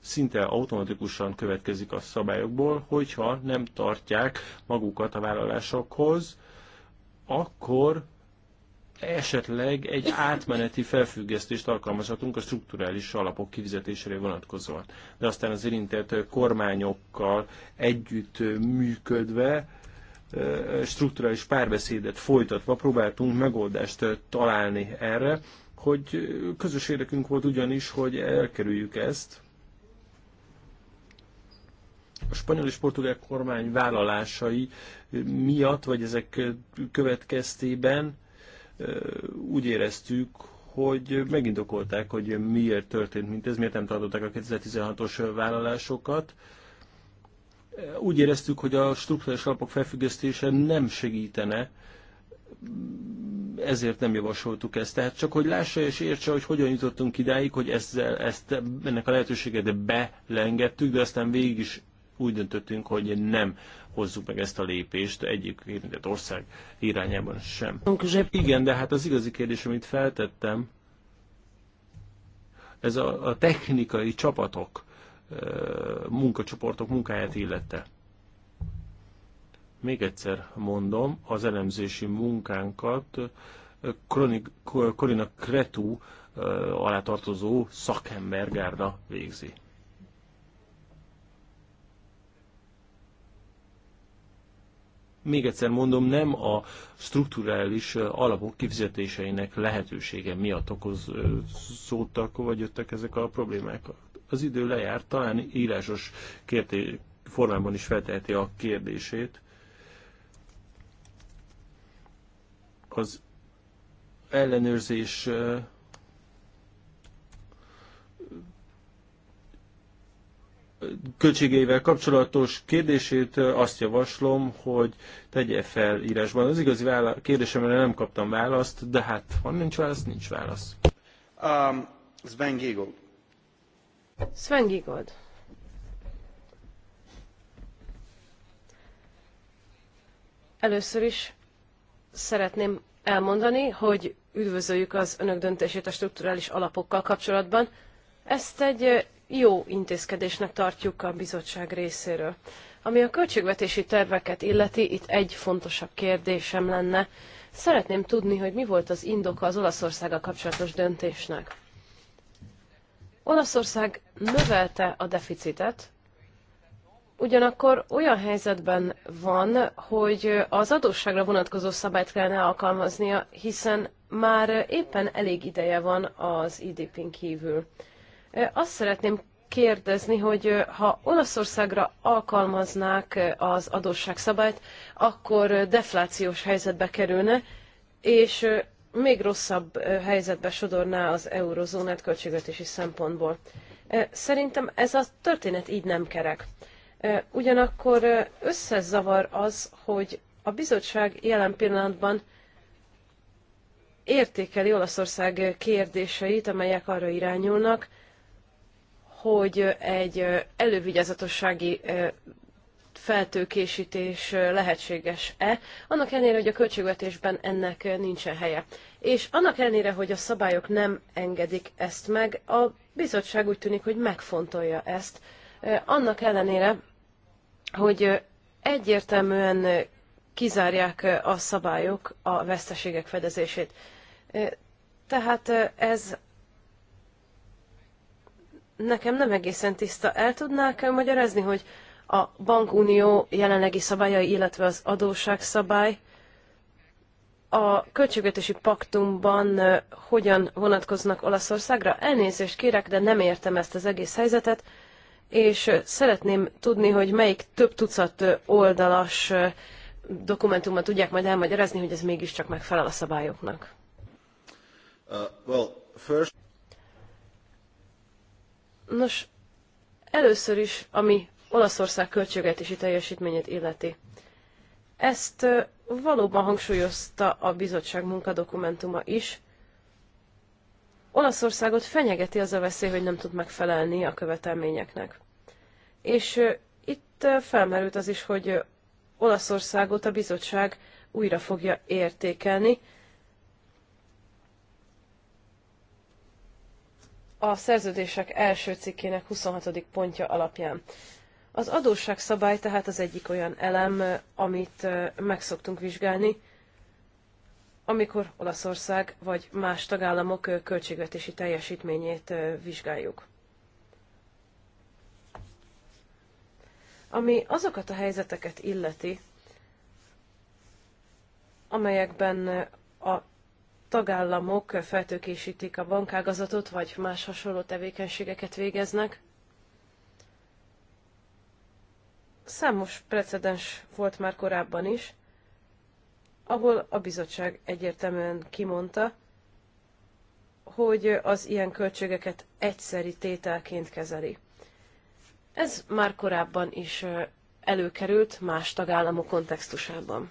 szinte automatikusan következik a szabályokból, hogyha nem tartják magukat a vállalásokhoz, akkor esetleg egy átmeneti felfüggesztést alkalmazhatunk a strukturális alapok kifizetésére vonatkozóan. De aztán az érintett kormányokkal együtt működve struktúrális párbeszédet folytatva próbáltunk megoldást találni erre, hogy közös érdekünk volt ugyanis, hogy elkerüljük ezt. A spanyol és portugál kormány vállalásai miatt, vagy ezek következtében úgy éreztük, hogy megindokolták, hogy miért történt mint ez, miért nem tartották a 2016-os vállalásokat. Úgy éreztük, hogy a struktúrális alapok felfüggesztése nem segítene, ezért nem javasoltuk ezt. Tehát csak, hogy lássa és értse, hogy hogyan jutottunk idáig, hogy ezzel, ezt, ennek a lehetőséget belengedtük, de aztán végig is úgy döntöttünk, hogy nem hozzuk meg ezt a lépést egyik érintett ország irányában sem. Igen, de hát az igazi kérdés, amit feltettem, ez a, a technikai csapatok munkacsoportok munkáját illette. Még egyszer mondom, az elemzési munkánkat Korina Kretu alá tartozó szakember gárda végzi. Még egyszer mondom, nem a strukturális alapok kifizetéseinek lehetősége miatt okoz szótak, vagy jöttek ezek a problémák az idő lejárt, talán írásos kérté, formában is felteheti a kérdését. Az ellenőrzés költségeivel kapcsolatos kérdését azt javaslom, hogy tegye fel írásban. Az igazi vála- kérdésemre nem kaptam választ, de hát ha nincs válasz, nincs válasz. Um, Sven Giegel. Sven Gigold. Először is szeretném elmondani, hogy üdvözöljük az önök döntését a strukturális alapokkal kapcsolatban. Ezt egy jó intézkedésnek tartjuk a bizottság részéről. Ami a költségvetési terveket illeti, itt egy fontosabb kérdésem lenne. Szeretném tudni, hogy mi volt az indoka az Olaszországgal kapcsolatos döntésnek. Olaszország növelte a deficitet, ugyanakkor olyan helyzetben van, hogy az adósságra vonatkozó szabályt kellene alkalmaznia, hiszen már éppen elég ideje van az IDP-n kívül. Azt szeretném kérdezni, hogy ha Olaszországra alkalmaznák az adósságszabályt, akkor deflációs helyzetbe kerülne, és még rosszabb helyzetbe sodorná az eurozónát költségvetési szempontból. Szerintem ez a történet így nem kerek. Ugyanakkor összezavar az, hogy a bizottság jelen pillanatban értékeli Olaszország kérdéseit, amelyek arra irányulnak, hogy egy elővigyázatossági feltőkésítés lehetséges-e, annak ellenére, hogy a költségvetésben ennek nincsen helye. És annak ellenére, hogy a szabályok nem engedik ezt meg, a bizottság úgy tűnik, hogy megfontolja ezt. Annak ellenére, hogy egyértelműen kizárják a szabályok a veszteségek fedezését. Tehát ez nekem nem egészen tiszta. El tudnák magyarázni, hogy a bankunió jelenlegi szabályai, illetve az adósságszabály a költségvetési paktumban hogyan vonatkoznak Olaszországra? Elnézést kérek, de nem értem ezt az egész helyzetet, és szeretném tudni, hogy melyik több tucat oldalas dokumentumban tudják majd elmagyarázni, hogy ez mégiscsak megfelel a szabályoknak. Uh, well, first... Nos, először is, ami Olaszország költségvetési teljesítményét illeti. Ezt valóban hangsúlyozta a bizottság munkadokumentuma is. Olaszországot fenyegeti az a veszély, hogy nem tud megfelelni a követelményeknek. És itt felmerült az is, hogy Olaszországot a bizottság újra fogja értékelni. A szerződések első cikkének 26. pontja alapján. Az adósságszabály tehát az egyik olyan elem, amit meg szoktunk vizsgálni, amikor Olaszország vagy más tagállamok költségvetési teljesítményét vizsgáljuk. Ami azokat a helyzeteket illeti, amelyekben a tagállamok feltőkésítik a bankágazatot, vagy más hasonló tevékenységeket végeznek, Számos precedens volt már korábban is, ahol a bizottság egyértelműen kimondta, hogy az ilyen költségeket egyszeri tételként kezeli. Ez már korábban is előkerült más tagállamok kontextusában.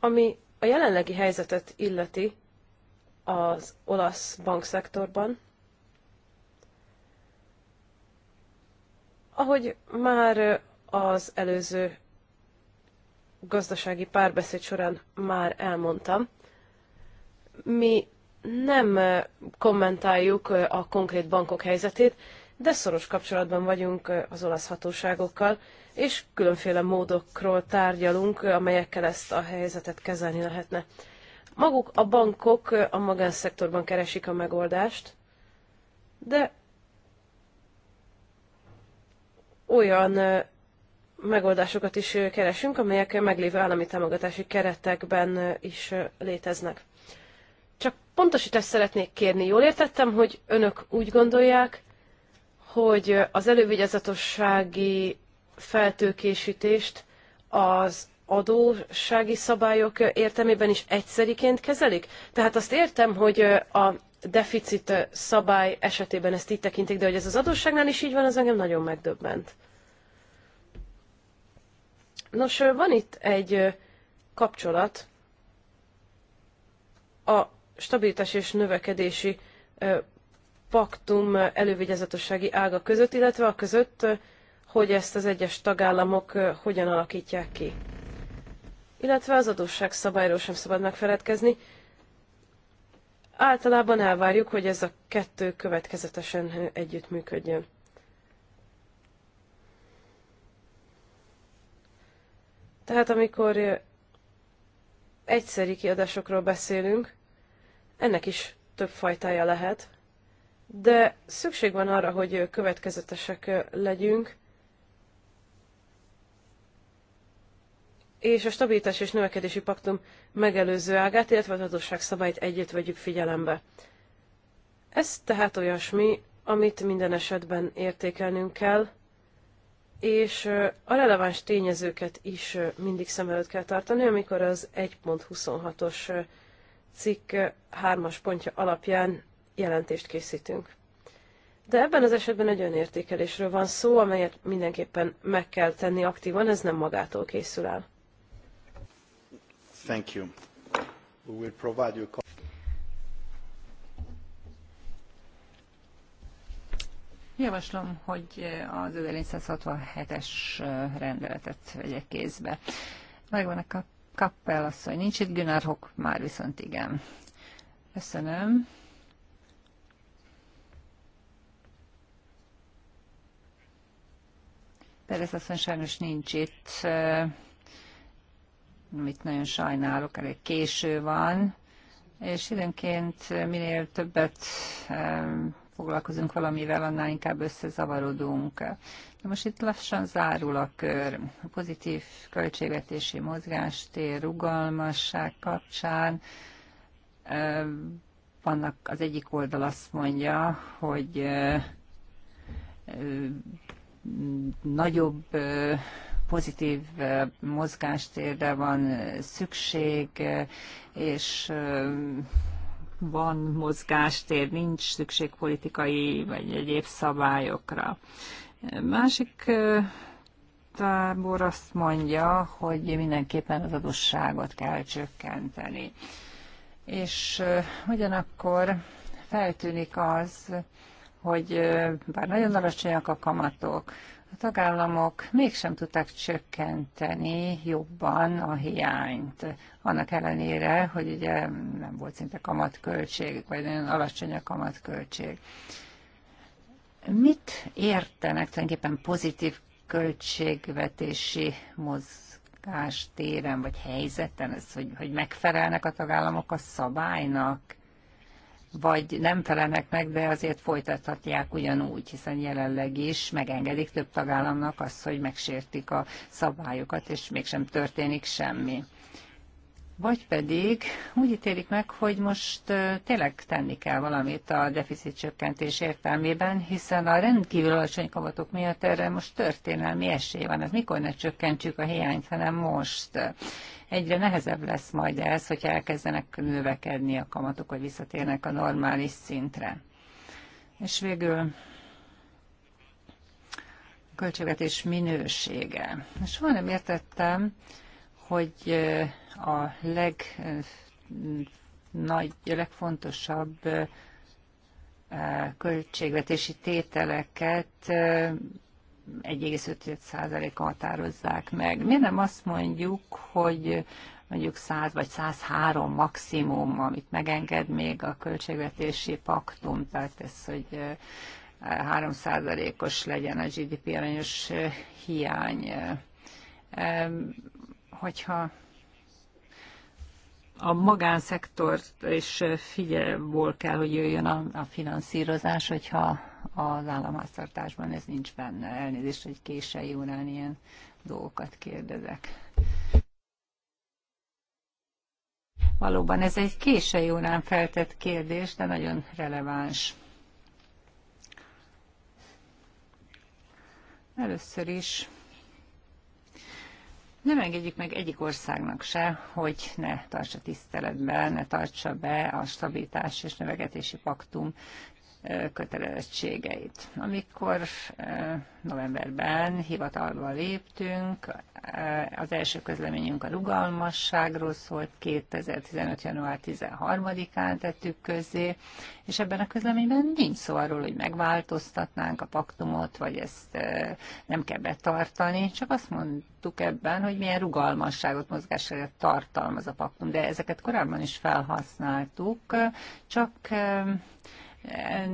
Ami a jelenlegi helyzetet illeti, az olasz bankszektorban. Ahogy már az előző gazdasági párbeszéd során már elmondtam, mi nem kommentáljuk a konkrét bankok helyzetét, de szoros kapcsolatban vagyunk az olasz hatóságokkal, és különféle módokról tárgyalunk, amelyekkel ezt a helyzetet kezelni lehetne. Maguk a bankok a magánszektorban keresik a megoldást, de olyan megoldásokat is keresünk, amelyek meglévő állami támogatási keretekben is léteznek. Csak pontosítást szeretnék kérni. Jól értettem, hogy önök úgy gondolják, hogy az elővigyázatossági feltőkésítést az adósági szabályok értelmében is egyszeriként kezelik? Tehát azt értem, hogy a deficit szabály esetében ezt így tekintik, de hogy ez az adósságnál is így van, az engem nagyon megdöbbent. Nos, van itt egy kapcsolat a stabilitás és növekedési paktum elővigyázatossági ága között, illetve a között, hogy ezt az egyes tagállamok hogyan alakítják ki illetve az adósság szabályról sem szabad megfeledkezni. Általában elvárjuk, hogy ez a kettő következetesen együttműködjön. Tehát amikor egyszeri kiadásokról beszélünk, ennek is több fajtája lehet, de szükség van arra, hogy következetesek legyünk, és a stabilitás és növekedési paktum megelőző ágát, illetve az adósságszabályt együtt vegyük figyelembe. Ez tehát olyasmi, amit minden esetben értékelnünk kell, és a releváns tényezőket is mindig szem előtt kell tartani, amikor az 1.26-os cikk 3-as pontja alapján jelentést készítünk. De ebben az esetben egy önértékelésről van szó, amelyet mindenképpen meg kell tenni aktívan, ez nem magától készül el. Thank you. We will provide you Javaslom, hogy az 1467 es rendeletet vegyek kézbe. Megvan a kappel azt mondja, nincs itt Günár Hock, már viszont igen. Köszönöm. Perez mondja, sajnos nincs itt amit hm, nagyon sajnálok, elég késő van, és időnként minél többet foglalkozunk valamivel, annál inkább összezavarodunk. De most itt lassan zárul a kör. A pozitív költségvetési mozgástér, rugalmasság kapcsán vannak, az egyik oldal azt mondja, hogy nagyobb pozitív mozgástérre van szükség, és van mozgástér, nincs szükség politikai vagy egyéb szabályokra. Másik tábor azt mondja, hogy mindenképpen az adósságot kell csökkenteni. És ugyanakkor feltűnik az, hogy bár nagyon alacsonyak a kamatok, a tagállamok mégsem tudták csökkenteni jobban a hiányt. Annak ellenére, hogy ugye nem volt szinte kamatköltség, vagy nagyon alacsony a kamatköltség. Mit értenek tulajdonképpen pozitív költségvetési mozgástéren, vagy helyzeten, ez, hogy, hogy megfelelnek a tagállamok a szabálynak? vagy nem felelnek meg, de azért folytathatják ugyanúgy, hiszen jelenleg is megengedik több tagállamnak azt, hogy megsértik a szabályokat, és mégsem történik semmi. Vagy pedig úgy ítélik meg, hogy most tényleg tenni kell valamit a deficit csökkentés értelmében, hiszen a rendkívül alacsony kamatok miatt erre most történelmi esély van. Hát mikor ne csökkentsük a hiányt, hanem most egyre nehezebb lesz majd ez, hogy elkezdenek növekedni a kamatok, hogy visszatérnek a normális szintre. És végül a költségvetés minősége. Soha nem értettem, hogy eh, a legnagy, eh, a legfontosabb eh, költségvetési tételeket 1,5%-a határozzák meg. Miért nem azt mondjuk, hogy mondjuk 100 vagy 103 maximum, amit megenged még a költségvetési paktum, tehát ez, hogy 3%-os eh, legyen a GDP arányos eh, hiány. Eh, hogyha a magánszektort és figyelból kell, hogy jöjjön a, a finanszírozás, hogyha az államháztartásban ez nincs benne. Elnézést, hogy késői órán ilyen dolgokat kérdezek. Valóban ez egy késői órán feltett kérdés, de nagyon releváns. Először is nem engedjük meg egyik országnak se, hogy ne tartsa tiszteletben, ne tartsa be a stabilitás és növegetési paktum kötelezettségeit. Amikor novemberben hivatalba léptünk, az első közleményünk a rugalmasságról szólt, 2015. január 13-án tettük közzé, és ebben a közleményben nincs szó arról, hogy megváltoztatnánk a paktumot, vagy ezt nem kell betartani, csak azt mondtuk ebben, hogy milyen rugalmasságot, mozgásságot tartalmaz a paktum, de ezeket korábban is felhasználtuk, csak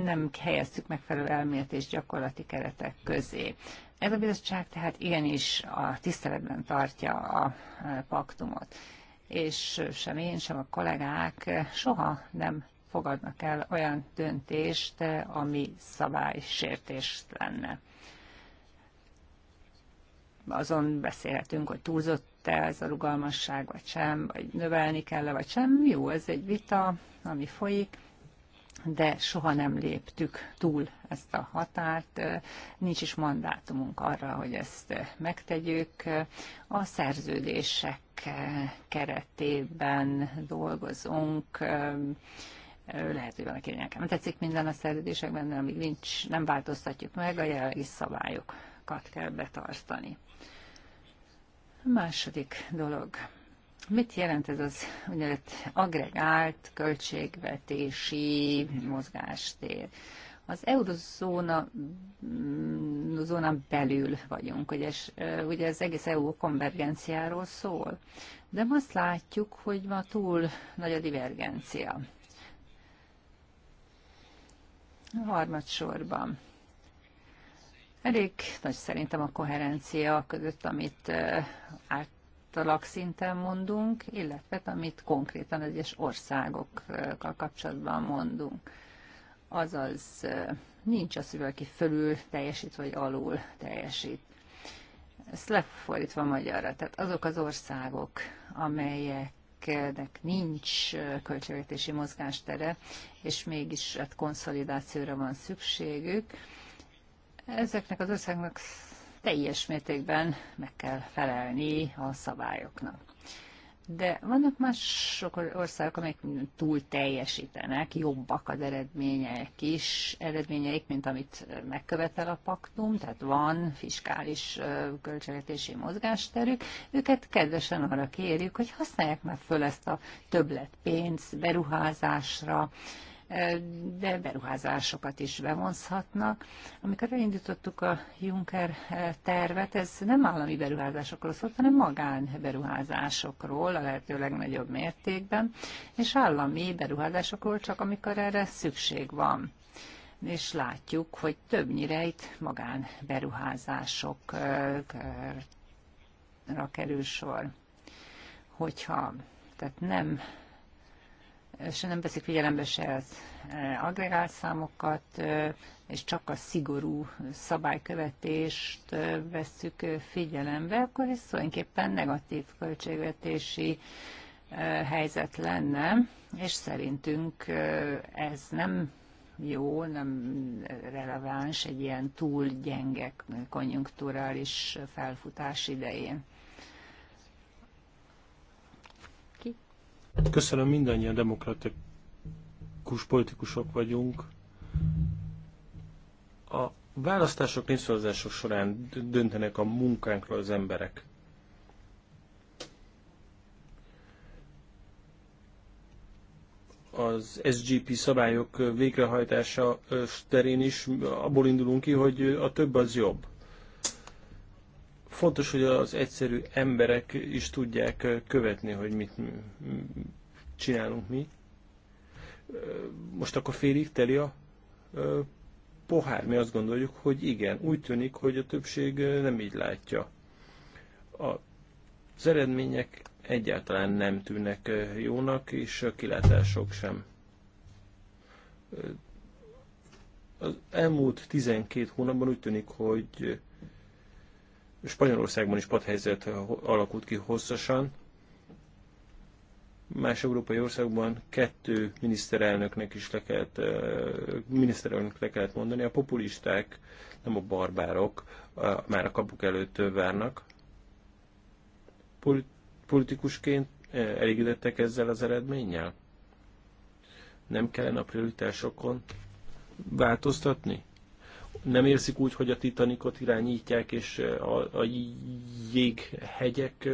nem helyeztük megfelelő elmélet és gyakorlati keretek közé. Ez a bizottság tehát igenis a tiszteletben tartja a paktumot, és sem én, sem a kollégák soha nem fogadnak el olyan döntést, ami szabálysértés lenne. Azon beszélhetünk, hogy túlzott-e ez a rugalmasság, vagy sem, vagy növelni kell-e, vagy sem. Jó, ez egy vita, ami folyik de soha nem léptük túl ezt a határt, nincs is mandátumunk arra, hogy ezt megtegyük. A szerződések keretében dolgozunk, lehet, hogy valaki nem tetszik minden a szerződésekben, de amíg nincs, nem változtatjuk meg, a jelenlegi szabályokat kell betartani. A második dolog. Mit jelent ez az úgynevezett agregált költségvetési mozgástér? Az eurozóna mm, zónán belül vagyunk, ugye, ugye az egész EU konvergenciáról szól, de azt látjuk, hogy ma túl nagy a divergencia. A harmadsorban. Elég nagy szerintem a koherencia között, amit át absztraktalak szinten mondunk, illetve amit konkrétan egyes országokkal kapcsolatban mondunk. Azaz nincs az, hogy valaki fölül teljesít, vagy alul teljesít. Ezt lefordítva magyarra, tehát azok az országok, amelyek nincs költségvetési mozgástere, és mégis hát konszolidációra van szükségük. Ezeknek az országnak teljes mértékben meg kell felelni a szabályoknak. De vannak mások országok, amelyek túl teljesítenek, jobbak az eredményeik is, eredményeik, mint amit megkövetel a paktum, tehát van fiskális költségvetési mozgásterük. Őket kedvesen arra kérjük, hogy használják már föl ezt a többlet pénz beruházásra, de beruházásokat is bevonzhatnak. Amikor elindítottuk a Juncker tervet, ez nem állami beruházásokról szólt, hanem magán beruházásokról a lehető legnagyobb mértékben, és állami beruházásokról csak amikor erre szükség van és látjuk, hogy többnyire itt magánberuházásokra kerül sor. Hogyha tehát nem és nem veszik figyelembe se az e, agregált számokat, e, és csak a szigorú szabálykövetést e, vesszük figyelembe, akkor ez tulajdonképpen negatív költségvetési helyzet lenne, és szerintünk ez nem jó, nem releváns egy ilyen túl gyenge konjunkturális felfutás idején. Köszönöm, mindannyian demokratikus politikusok vagyunk. A választások, népszavazások során döntenek a munkánkról az emberek. az SGP szabályok végrehajtása terén is abból indulunk ki, hogy a több az jobb. Fontos, hogy az egyszerű emberek is tudják követni, hogy mit csinálunk mi. Most akkor félig teli a pohár. Mi azt gondoljuk, hogy igen. Úgy tűnik, hogy a többség nem így látja. Az eredmények egyáltalán nem tűnnek jónak, és a kilátások sem. Az elmúlt 12 hónapban úgy tűnik, hogy Spanyolországban is padhelyzet eh, alakult ki hosszasan. Más európai országban kettő miniszterelnöknek is le kellett, eh, miniszterelnök le kellett mondani. A populisták, nem a barbárok, már a kapuk előtt várnak. Politikusként eh, elégedettek ezzel az eredménnyel? Nem kellene a prioritásokon változtatni? nem érzik úgy, hogy a Titanicot irányítják, és a, a jéghegyek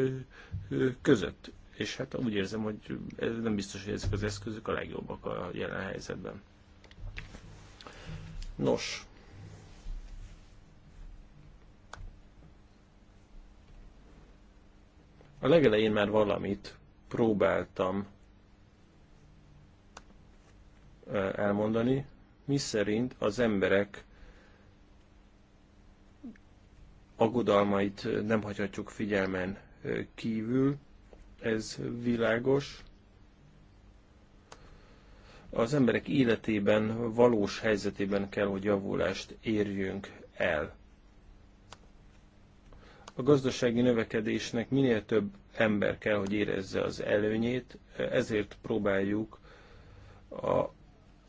között. És hát úgy érzem, hogy ez nem biztos, hogy ezek az eszközök a legjobbak a jelen helyzetben. Nos. A legelején már valamit próbáltam elmondani, mi szerint az emberek aggodalmait nem hagyhatjuk figyelmen kívül, ez világos. Az emberek életében, valós helyzetében kell, hogy javulást érjünk el. A gazdasági növekedésnek minél több ember kell, hogy érezze az előnyét, ezért próbáljuk a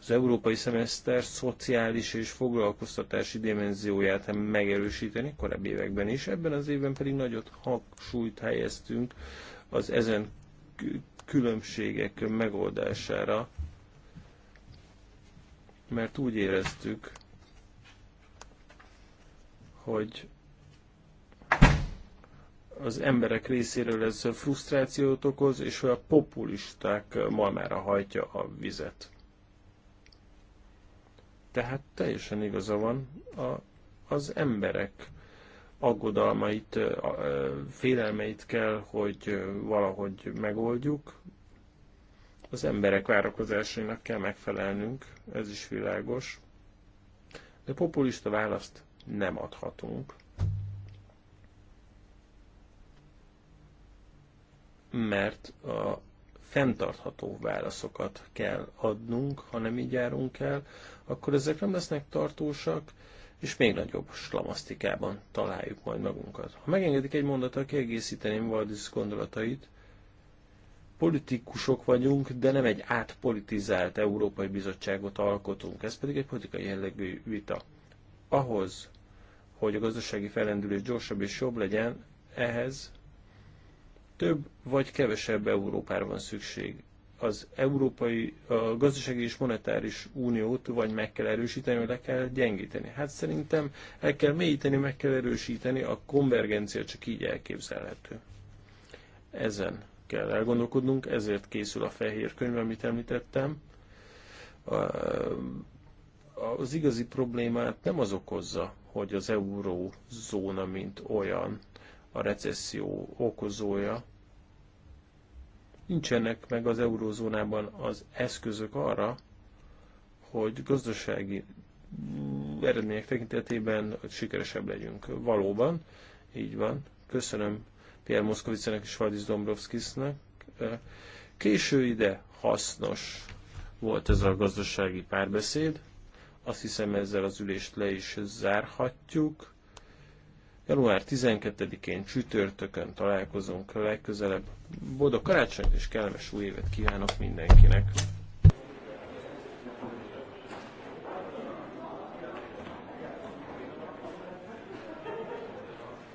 az európai szemeszter szociális és foglalkoztatási dimenzióját megerősíteni, korábbi években is, ebben az évben pedig nagyot hangsúlyt helyeztünk az ezen különbségek megoldására, mert úgy éreztük, hogy az emberek részéről ez frusztrációt okoz, és a populisták malmára hajtja a vizet. Tehát teljesen igaza van a, az emberek aggodalmait, félelmeit kell, hogy valahogy megoldjuk. Az emberek várakozásainak kell megfelelnünk, ez is világos. De populista választ nem adhatunk. Mert a, fenntartható válaszokat kell adnunk, ha nem így járunk el, akkor ezek nem lesznek tartósak, és még nagyobb slamasztikában találjuk majd magunkat. Ha megengedik egy mondatot kiegészíteném Valdis gondolatait. Politikusok vagyunk, de nem egy átpolitizált Európai Bizottságot alkotunk, ez pedig egy politikai jellegű vita. Ahhoz, hogy a gazdasági felrendülés gyorsabb és jobb legyen, ehhez több vagy kevesebb Európára van szükség. Az Európai a Gazdasági és Monetáris Uniót vagy meg kell erősíteni, vagy le kell gyengíteni. Hát szerintem el kell mélyíteni, meg kell erősíteni, a konvergencia csak így elképzelhető. Ezen kell elgondolkodnunk, ezért készül a fehér könyv, amit említettem. Az igazi problémát nem az okozza, hogy az eurózóna, mint olyan, a recesszió okozója, nincsenek meg az eurózónában az eszközök arra, hogy gazdasági mm, eredmények tekintetében sikeresebb legyünk. Valóban, így van. Köszönöm Pierre Moszkovicenek és Vadis Dombrovskisnek. Késő ide hasznos volt ez a gazdasági párbeszéd. Azt hiszem ezzel az ülést le is zárhatjuk. Január 12-én csütörtökön találkozunk legközelebb. Boldog karácsonyt és kellemes új évet kívánok mindenkinek!